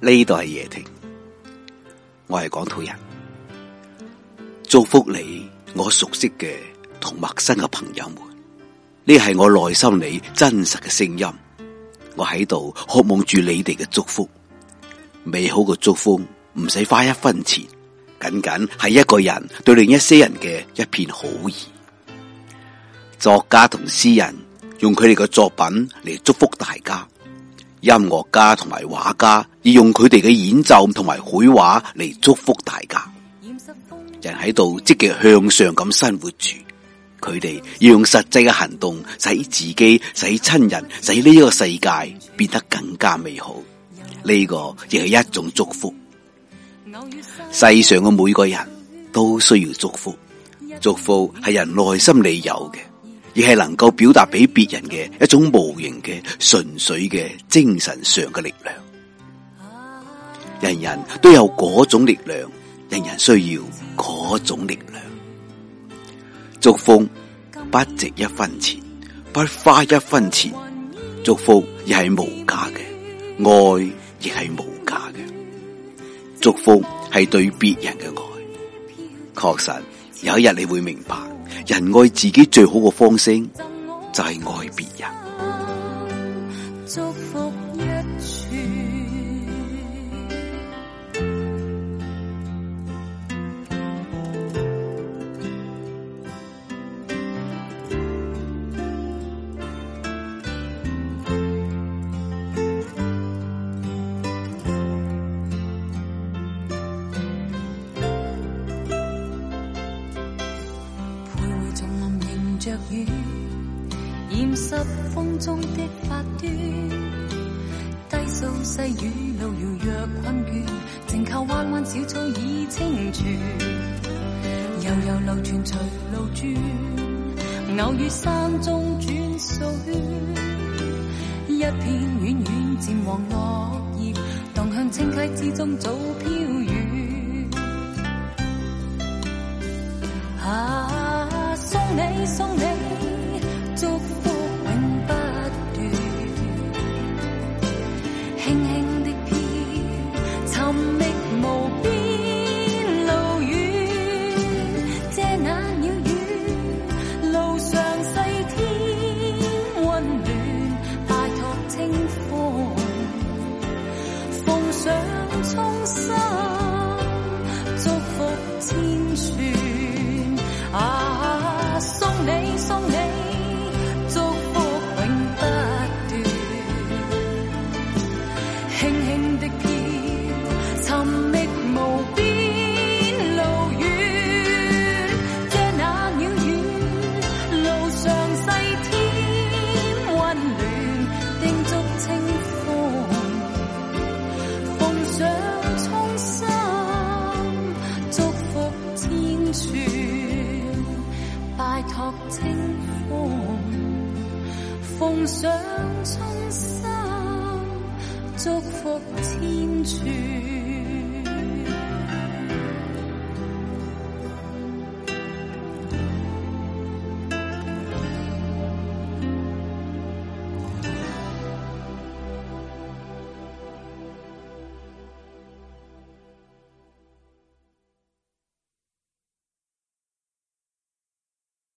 呢度係夜聽，我係廣土人，祝福你我熟悉嘅同陌生嘅朋友們，呢係我內心裏真實嘅聲音，我喺度渴望住你哋嘅祝福，美好嘅祝福唔使花一分錢，僅僅係一個人對另一些人嘅一片好意。作家同詩人用佢哋嘅作品嚟祝福大家。音樂家同埋畫家，要用佢哋嘅演奏同埋繪畫嚟祝福大家。人喺度積極向上咁生活住，佢哋要用實際嘅行動，使自己、使親人、使呢個世界變得更加美好。呢個亦係一種祝福。世上嘅每個人都需要祝福，祝福係人內心裏有嘅。而係能夠表達俾別人嘅一種無形嘅、純粹嘅精神上嘅力量。人人都有嗰種力量，人人需要嗰種力量。祝福不值一分錢，不花一分錢，祝福亦係無價嘅，愛亦係無價嘅。祝福係對別人嘅愛，確實有一日你會明白。人愛自己最好嘅方式，就係、是、愛別人。着雨，染濕風中的髮端。低訴細雨路遙若困倦，靜靠彎彎小草倚清泉。悠悠流泉隨路轉，偶與山中轉數圈。一片軟軟漸黃落葉，蕩向青溪之中早飄遠。啊。送你，送你，祝福永不斷。輕輕的飄，尋覓無邊。奉上衷心，祝福千串，拜託清風，奉上衷心，祝福千串。